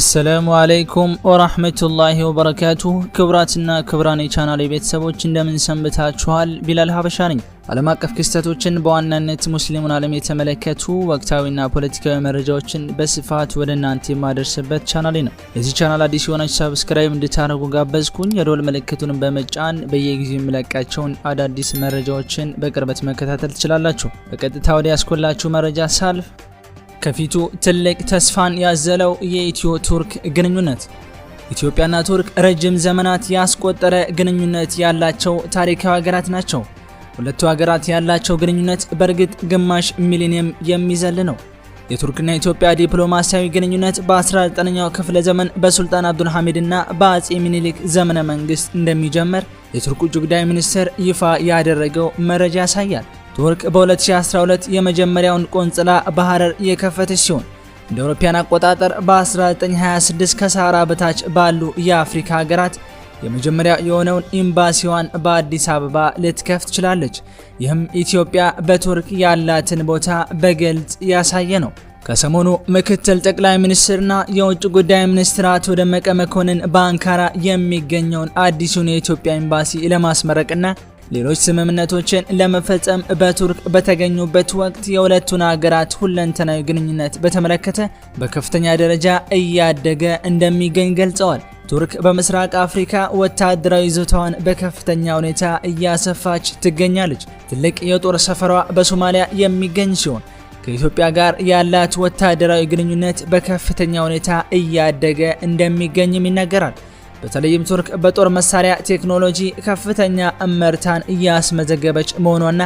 አሰላሙ አለይኩም ወራህመቱላሂ ወበረካቱ ክብራትና ክብራን የቻናል ቤተሰቦች እንደምን ሰንብታችኋል? ቢላል ሀበሻ ነኝ። ዓለም አቀፍ ክስተቶችን በዋናነት ሙስሊሙን ዓለም የተመለከቱ ወቅታዊና ፖለቲካዊ መረጃዎችን በስፋት ወደ እናንተ የማደርስበት ቻናሌ ነው። የዚህ ቻናል አዲስ የሆነች ሳብስክራይብ እንድታደርጉ ጋበዝኩኝ። የዶል ምልክቱን በመጫን በየጊዜው የሚለቃቸውን አዳዲስ መረጃዎችን በቅርበት መከታተል ትችላላችሁ። በቀጥታ ወደ ያስኮላችሁ መረጃ ሳልፍ ከፊቱ ትልቅ ተስፋን ያዘለው የኢትዮ ቱርክ ግንኙነት። ኢትዮጵያና ቱርክ ረጅም ዘመናት ያስቆጠረ ግንኙነት ያላቸው ታሪካዊ ሀገራት ናቸው። ሁለቱ ሀገራት ያላቸው ግንኙነት በእርግጥ ግማሽ ሚሊኒየም የሚዘል ነው። የቱርክና ኢትዮጵያ ዲፕሎማሲያዊ ግንኙነት በ19ኛው ክፍለ ዘመን በሱልጣን አብዱልሐሚድ እና በአጼ ሚኒሊክ ዘመነ መንግስት እንደሚጀመር የቱርክ ውጭ ጉዳይ ሚኒስቴር ይፋ ያደረገው መረጃ ያሳያል። ቱርክ በ2012 የመጀመሪያውን ቆንጽላ በሐረር የከፈተች ሲሆን እንደ አውሮፓውያን አቆጣጠር በ1926 ከሳራ በታች ባሉ የአፍሪካ ሀገራት የመጀመሪያ የሆነውን ኤምባሲዋን በአዲስ አበባ ልትከፍት ትችላለች። ይህም ኢትዮጵያ በቱርክ ያላትን ቦታ በግልጽ ያሳየ ነው። ከሰሞኑ ምክትል ጠቅላይ ሚኒስትርና የውጭ ጉዳይ ሚኒስትር አቶ ደመቀ መኮንን በአንካራ የሚገኘውን አዲሱን የኢትዮጵያ ኤምባሲ ለማስመረቅና ሌሎች ስምምነቶችን ለመፈጸም በቱርክ በተገኙበት ወቅት የሁለቱን ሀገራት ሁለንተናዊ ግንኙነት በተመለከተ በከፍተኛ ደረጃ እያደገ እንደሚገኝ ገልጸዋል። ቱርክ በምስራቅ አፍሪካ ወታደራዊ ይዞታዋን በከፍተኛ ሁኔታ እያሰፋች ትገኛለች። ትልቅ የጦር ሰፈሯ በሶማሊያ የሚገኝ ሲሆን ከኢትዮጵያ ጋር ያላት ወታደራዊ ግንኙነት በከፍተኛ ሁኔታ እያደገ እንደሚገኝም ይነገራል። በተለይም ቱርክ በጦር መሳሪያ ቴክኖሎጂ ከፍተኛ እመርታን እያስመዘገበች መሆኗና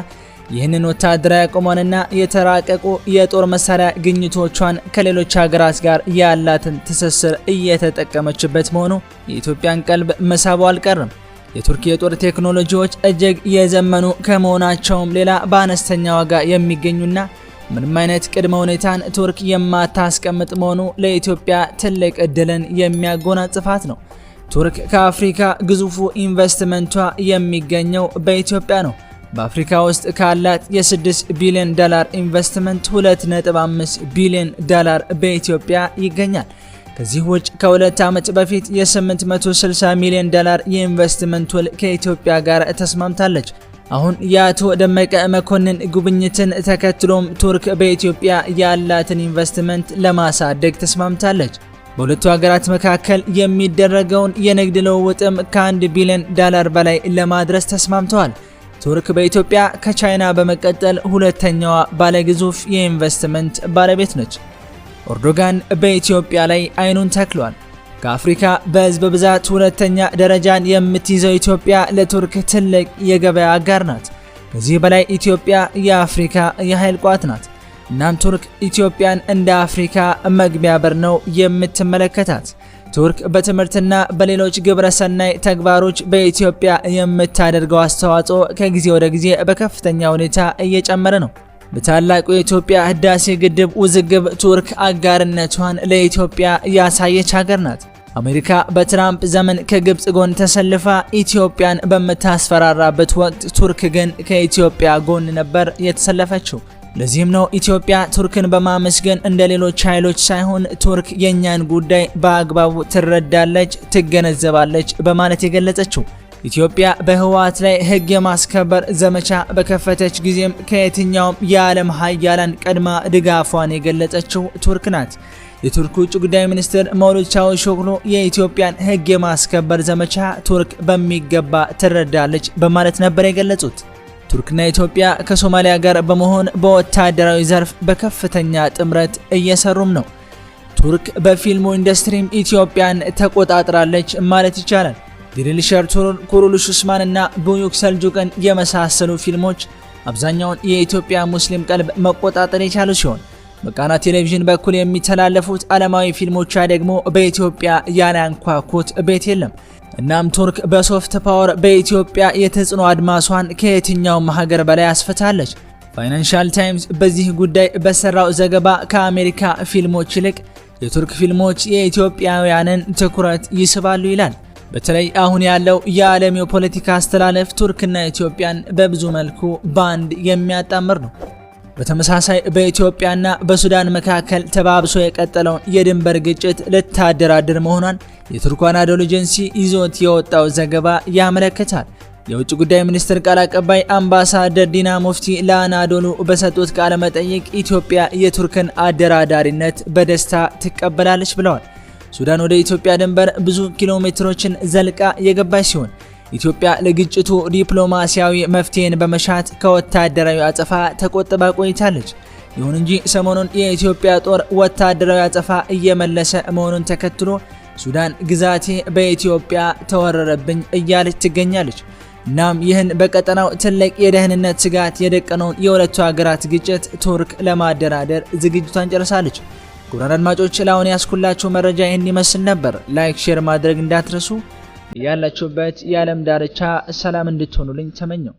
ይህንን ወታደራዊ አቅሟንና የተራቀቁ የጦር መሳሪያ ግኝቶቿን ከሌሎች ሀገራት ጋር ያላትን ትስስር እየተጠቀመችበት መሆኑ የኢትዮጵያን ቀልብ መሳቡ አልቀርም። የቱርክ የጦር ቴክኖሎጂዎች እጅግ የዘመኑ ከመሆናቸውም ሌላ በአነስተኛ ዋጋ የሚገኙና ምንም አይነት ቅድመ ሁኔታን ቱርክ የማታስቀምጥ መሆኑ ለኢትዮጵያ ትልቅ እድልን የሚያጎናጽፋት ነው። ቱርክ ከአፍሪካ ግዙፉ ኢንቨስትመንቷ የሚገኘው በኢትዮጵያ ነው። በአፍሪካ ውስጥ ካላት የ6 ቢሊዮን ዶላር ኢንቨስትመንት 2.5 ቢሊዮን ዶላር በኢትዮጵያ ይገኛል። ከዚህ ውጭ ከሁለት ዓመት በፊት የ860 ሚሊዮን ዶላር የኢንቨስትመንት ውል ከኢትዮጵያ ጋር ተስማምታለች። አሁን የአቶ ደመቀ መኮንን ጉብኝትን ተከትሎም ቱርክ በኢትዮጵያ ያላትን ኢንቨስትመንት ለማሳደግ ተስማምታለች። በሁለቱ ሀገራት መካከል የሚደረገውን የንግድ ልውውጥም ከአንድ ቢሊዮን ዳላር በላይ ለማድረስ ተስማምተዋል። ቱርክ በኢትዮጵያ ከቻይና በመቀጠል ሁለተኛዋ ባለግዙፍ የኢንቨስትመንት ባለቤት ነች። ኤርዶጋን በኢትዮጵያ ላይ አይኑን ተክሏል። ከአፍሪካ በህዝብ ብዛት ሁለተኛ ደረጃን የምትይዘው ኢትዮጵያ ለቱርክ ትልቅ የገበያ አጋር ናት። ከዚህ በላይ ኢትዮጵያ የአፍሪካ የኃይል ቋት ናት። እናም ቱርክ ኢትዮጵያን እንደ አፍሪካ መግቢያ በር ነው የምትመለከታት። ቱርክ በትምህርትና በሌሎች ግብረሰናይ ተግባሮች በኢትዮጵያ የምታደርገው አስተዋጽኦ ከጊዜ ወደ ጊዜ በከፍተኛ ሁኔታ እየጨመረ ነው። በታላቁ የኢትዮጵያ ህዳሴ ግድብ ውዝግብ ቱርክ አጋርነቷን ለኢትዮጵያ ያሳየች ሀገር ናት። አሜሪካ በትራምፕ ዘመን ከግብፅ ጎን ተሰልፋ ኢትዮጵያን በምታስፈራራበት ወቅት ቱርክ ግን ከኢትዮጵያ ጎን ነበር የተሰለፈችው። ለዚህም ነው ኢትዮጵያ ቱርክን በማመስገን እንደ ሌሎች ኃይሎች ሳይሆን ቱርክ የእኛን ጉዳይ በአግባቡ ትረዳለች፣ ትገነዘባለች በማለት የገለጸችው። ኢትዮጵያ በህወሓት ላይ ህግ የማስከበር ዘመቻ በከፈተች ጊዜም ከየትኛውም የዓለም ሀያላን ቀድማ ድጋፏን የገለጸችው ቱርክ ናት። የቱርክ ውጭ ጉዳይ ሚኒስትር መውሉድ ቻውሾግሉ የኢትዮጵያን ህግ የማስከበር ዘመቻ ቱርክ በሚገባ ትረዳለች በማለት ነበር የገለጹት። ቱርክና ኢትዮጵያ ከሶማሊያ ጋር በመሆን በወታደራዊ ዘርፍ በከፍተኛ ጥምረት እየሰሩም ነው። ቱርክ በፊልሙ ኢንዱስትሪም ኢትዮጵያን ተቆጣጥራለች ማለት ይቻላል። ድሪል ሸርቱርን፣ ኩሩሉሽ ኡስማን እና ቡዩክ ሰልጁቅን የመሳሰሉ ፊልሞች አብዛኛውን የኢትዮጵያ ሙስሊም ቀልብ መቆጣጠር የቻሉ ሲሆን በቃና ቴሌቪዥን በኩል የሚተላለፉት ዓለማዊ ፊልሞቿ ደግሞ በኢትዮጵያ ያላንኳኩት ቤት የለም። እናም ቱርክ በሶፍት ፓወር በኢትዮጵያ የተጽዕኖ አድማሷን ከየትኛውም ሀገር በላይ አስፈታለች። ፋይናንሻል ታይምስ በዚህ ጉዳይ በሰራው ዘገባ ከአሜሪካ ፊልሞች ይልቅ የቱርክ ፊልሞች የኢትዮጵያውያንን ትኩረት ይስባሉ ይላል። በተለይ አሁን ያለው የዓለም የፖለቲካ አስተላለፍ ቱርክና ኢትዮጵያን በብዙ መልኩ በአንድ የሚያጣምር ነው። በተመሳሳይ በኢትዮጵያና በሱዳን መካከል ተባብሶ የቀጠለውን የድንበር ግጭት ልታደራድር መሆኗን የቱርክ አናዶል ኤጀንሲ ይዞት የወጣው ዘገባ ያመለክታል። የውጭ ጉዳይ ሚኒስትር ቃል አቀባይ አምባሳደር ዲና ሙፍቲ ለአናዶሉ በሰጡት ቃለ መጠይቅ ኢትዮጵያ የቱርክን አደራዳሪነት በደስታ ትቀበላለች ብለዋል። ሱዳን ወደ ኢትዮጵያ ድንበር ብዙ ኪሎ ሜትሮችን ዘልቃ የገባች ሲሆን ኢትዮጵያ ለግጭቱ ዲፕሎማሲያዊ መፍትሄን በመሻት ከወታደራዊ አጸፋ ተቆጥባ ቆይታለች። ይሁን እንጂ ሰሞኑን የኢትዮጵያ ጦር ወታደራዊ አጸፋ እየመለሰ መሆኑን ተከትሎ ሱዳን ግዛቴ በኢትዮጵያ ተወረረብኝ እያለች ትገኛለች። እናም ይህን በቀጠናው ትልቅ የደህንነት ስጋት የደቀነውን የሁለቱ ሀገራት ግጭት ቱርክ ለማደራደር ዝግጅቷን ጨርሳለች። ጉራን አድማጮች ለአሁን ያስኩላችሁ መረጃ ይህን ይመስል ነበር። ላይክ፣ ሼር ማድረግ እንዳትረሱ። ያላችሁበት የዓለም ዳርቻ ሰላም እንድትሆኑልኝ ተመኘው።